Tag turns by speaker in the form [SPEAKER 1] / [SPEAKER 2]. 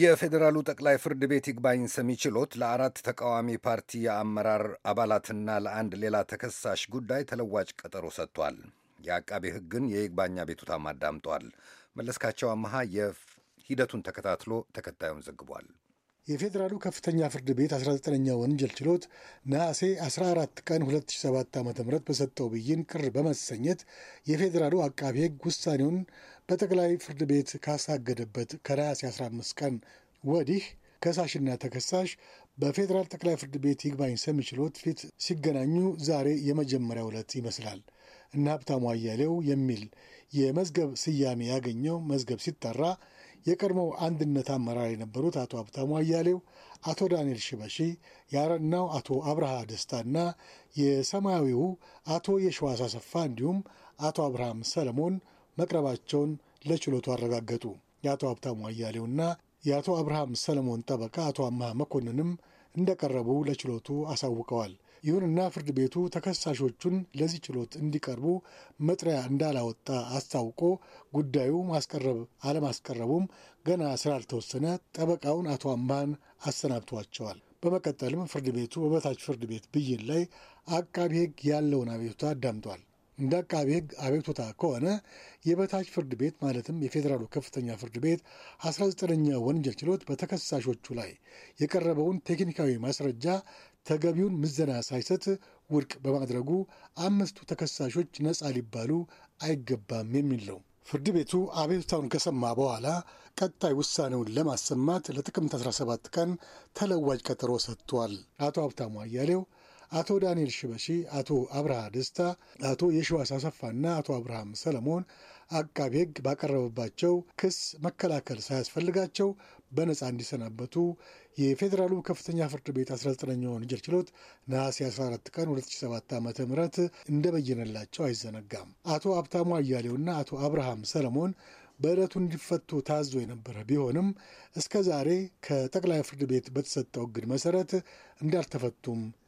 [SPEAKER 1] የፌዴራሉ ጠቅላይ ፍርድ ቤት ይግባኝ ሰሚ ችሎት ለአራት ተቃዋሚ ፓርቲ የአመራር አባላትና ለአንድ ሌላ ተከሳሽ ጉዳይ ተለዋጭ ቀጠሮ ሰጥቷል። የአቃቤ ሕግን የይግባኝ አቤቱታም አዳምጧል። መለስካቸው አመሃ የሂደቱን ተከታትሎ ተከታዩን ዘግቧል።
[SPEAKER 2] የፌዴራሉ ከፍተኛ ፍርድ ቤት 19ኛ ወንጀል ችሎት ነሐሴ 14 ቀን 2007 ዓ ም በሰጠው ብይን ቅር በመሰኘት የፌዴራሉ አቃቤ ሕግ ውሳኔውን በጠቅላይ ፍርድ ቤት ካሳገደበት ከነሐሴ 15 ቀን ወዲህ ከሳሽና ተከሳሽ በፌዴራል ጠቅላይ ፍርድ ቤት ይግባኝ ሰሚ ችሎት ፊት ሲገናኙ ዛሬ የመጀመሪያ ዕለት ይመስላል። እነ ሀብታሙ አያሌው የሚል የመዝገብ ስያሜ ያገኘው መዝገብ ሲጠራ የቀድሞው አንድነት አመራር የነበሩት አቶ ሀብታሙ አያሌው፣ አቶ ዳንኤል ሽበሺ፣ የአረናው አቶ አብርሃ ደስታና የሰማያዊው አቶ የሸዋስ አሰፋ እንዲሁም አቶ አብርሃም ሰለሞን መቅረባቸውን ለችሎቱ አረጋገጡ። የአቶ ሀብታሙ አያሌውና የአቶ አብርሃም ሰለሞን ጠበቃ አቶ አምሃ መኮንንም እንደቀረቡ ለችሎቱ አሳውቀዋል። ይሁንና ፍርድ ቤቱ ተከሳሾቹን ለዚህ ችሎት እንዲቀርቡ መጥሪያ እንዳላወጣ አስታውቆ ጉዳዩ ማስቀረብ አለማስቀረቡም ገና ስላልተወሰነ ጠበቃውን አቶ አምባን አሰናብቷቸዋል። በመቀጠልም ፍርድ ቤቱ በበታች ፍርድ ቤት ብይን ላይ አቃቢ ሕግ ያለውን አቤቱታ አዳምጧል። እንደ አቃቤ ሕግ አቤቱታ ከሆነ የበታች ፍርድ ቤት ማለትም የፌዴራሉ ከፍተኛ ፍርድ ቤት 19ኛ ወንጀል ችሎት በተከሳሾቹ ላይ የቀረበውን ቴክኒካዊ ማስረጃ ተገቢውን ምዘና ሳይሰጥ ውድቅ በማድረጉ አምስቱ ተከሳሾች ነፃ ሊባሉ አይገባም የሚል ነው። ፍርድ ቤቱ አቤቱታውን ከሰማ በኋላ ቀጣይ ውሳኔውን ለማሰማት ለጥቅምት 17 ቀን ተለዋጅ ቀጠሮ ሰጥቷል። አቶ ሀብታሙ አያሌው አቶ ዳንኤል ሽበሺ፣ አቶ አብርሃ ደስታ፣ አቶ የሸዋስ አሰፋና አቶ አብርሃም ሰለሞን አቃቢ ሕግ ባቀረበባቸው ክስ መከላከል ሳያስፈልጋቸው በነፃ እንዲሰናበቱ የፌዴራሉ ከፍተኛ ፍርድ ቤት 19ኛ ወንጀል ችሎት ነሐሴ 14 ቀን 2007 ዓ ም እንደበየነላቸው አይዘነጋም። አቶ ሀብታሙ አያሌውና አቶ አብርሃም ሰለሞን በዕለቱ እንዲፈቱ ታዞ የነበረ ቢሆንም እስከ ዛሬ ከጠቅላይ ፍርድ ቤት በተሰጠው እግድ መሠረት እንዳልተፈቱም